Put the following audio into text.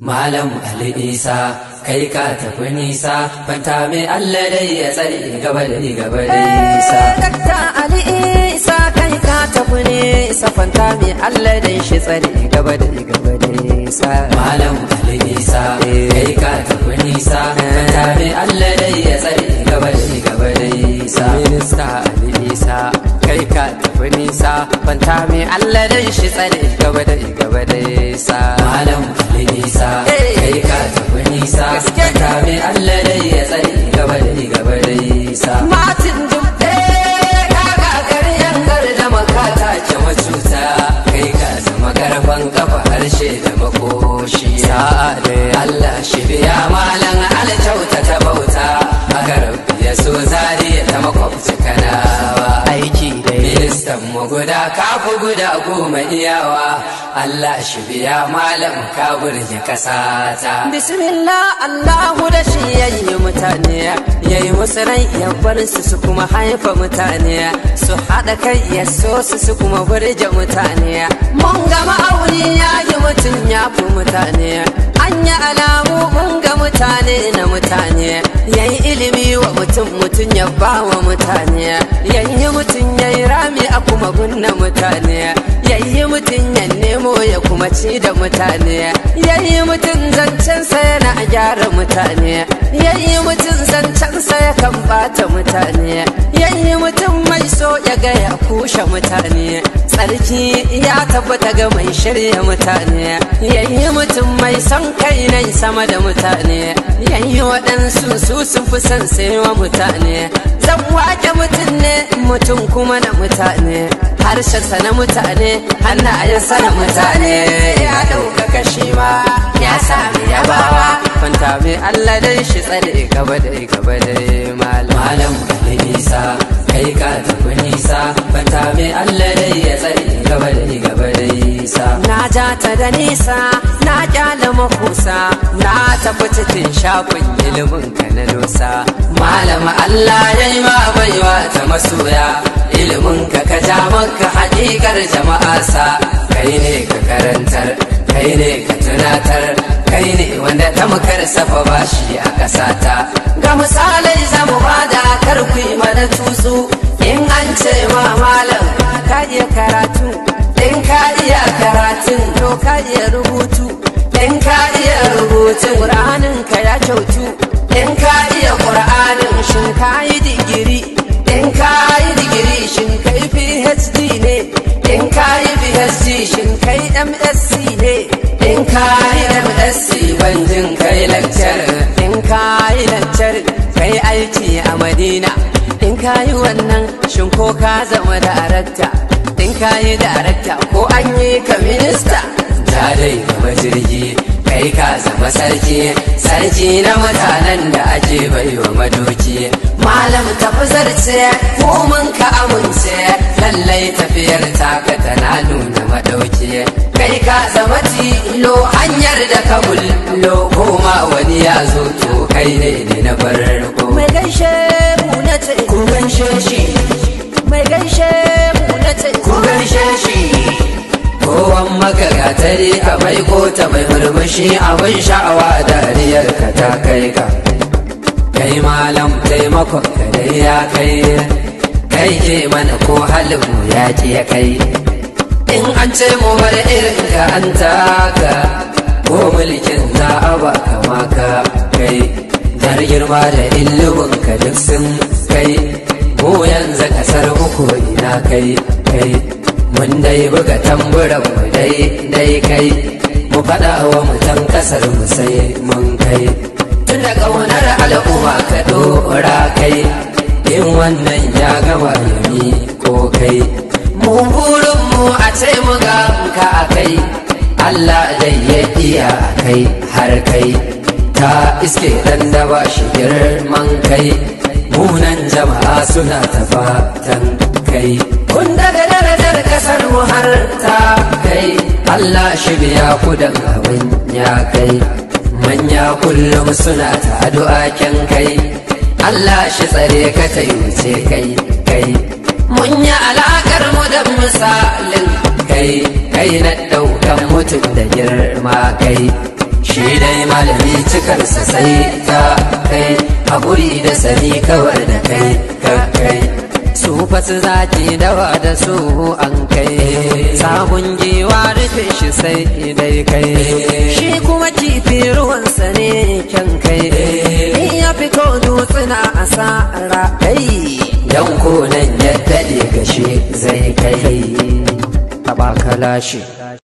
Malam Ali Isa kai ka tafi nisa fanta mai Allah dai ya tsare gaba da gaba da nisa. Eh, Dakta Ali Isa kai ka tafi nisa fanta mai Allah dai shi tsare gaba da gaba da nisa. Malam Ali Isa kai ka tafi nisa fanta mai Allah dai ya tsare gaba da gaba da nisa. Minista Ali Isa kai ka tafi nisa fanta mai Allah dai shi tsare gaba da nisa ta Allah dai ya tsare gaba dai gaba dai sa matin dubbe kaga karyan garda makata ce macuta kai ka zama garban kafa harshe da makoshi ya da Allah shi biya malan alkyauta ta bauta haka ya so zariya ta makwabci kana mu guda kafu guda goma iyawa Allah shi biya malam ka burge kasata bismillah Allahu da shi yayi mutane ya yi musu rai ya bar su su kuma haifa mutane su haɗa kai ya so su su kuma burge mutane mun ga ma'auni ya yi mutum ya fi mutane an yi alamu mun ga mutane na mutane ya yi ilimi wa mutum mutum ya ba wa mutane ya yi mutum ya yi rami a kuma gunna mutane ya yi mutum ya nemo ya kuma ci da mutane ya yi mutum zancensa yana a gyara mutane ya yi ɓata mutane yayi mutum mai so ya ga ya kushe mutane tsarki ya tabbata ga mai shirya mutane yayi mutum mai son kai nan sama da mutane yayi waɗansu su sun fi son sai wa mutane zan wake mutum ne mutum kuma na mutane harshensa na mutane hannayensa na mutane ya ɗaukaka shi ma ya sami yabawa kwanta mai allah dai shi tsare gaba dai gaba dai malam malam kai nisa kai ka tafi nisa kwanta mai allah dai ya tsare gaba dai gaba dai nisa na ja ta da nisa na kyala makusa na tafi cikin shakon ilimin ka na dosa malama Allah ya yi ma baiwa ta masoya ilimin ka ka ja maka hakikar jama'a sa kai ne ka karantar kai ne ka tunatar kai ne wanda ta makar safa ba shi a kasata ga misalai zamu bada kar ku yi mana tuzu in an ce ma malam ka je kara rubutun to iya rubutu in ka iya rubutun ƙur'anin ka ya kyautu in ka iya ƙur'anin shin ka yi digiri in ka yi digiri shin kai phd ne in ka yi phd shin kai msc ne in ka yi msc ban jin kai lakcar in ka yi lakcar kai aiki a madina in ka yi wannan shin ko ka zama da arakta kayi darakta ko an yi ka minista ta dai gaba jirgi kai ka zama sarki sarki na mutanen da ake baiwa madoki malam tafi zarce mun ka amince lallai tafiyar taka tana nuna madauki kai ka zama tilo hanyar da ka bullo koma wani ya zo to kai ne na ko. mai gaishe mu na ce kun gaishe shi gari ka mai kota mai murmushi abin sha'awa dariyar ka ta kai ka kai malam taimakon ka dai ya kai kai ke mana ko halin mu ya ki ya kai in an ce mu bar irin ka an taka ko mulkin za a ba kama ka kai dar girma da illubin ka duk sun kai ko yanzu kasar uku ina kai kai mun dai buga tamburan mu dai kai mu faɗa wa mutan kasar mu sai mun kai tun da ƙaunar al'umma ka ɗora kai in wannan ya gama yami ko kai mu burin mu a ce mu ga ka a kai Allah dai ya iya kai har kai ta iske dan da ba shi girman kai munan jama'a suna ta fatan Allah shi biya ku da abin ya kai manya kullum suna ta addu'a kyan kai Allah shi tsare ka ta kai kai mun yi alakar mu da misalin kai kai na ɗaukan mutum da girma kai shi dai malami cikarsa sai ka kai haƙuri da sani kawar da kai ka kai fasu zaki dawa da su an kai sabon giwa rufe shi sai idai kai shi kuma kifi ruwansa ne kyan kai in ya fito dutsina a sa'ara kai dan nan ya daɗe shi zai kai shi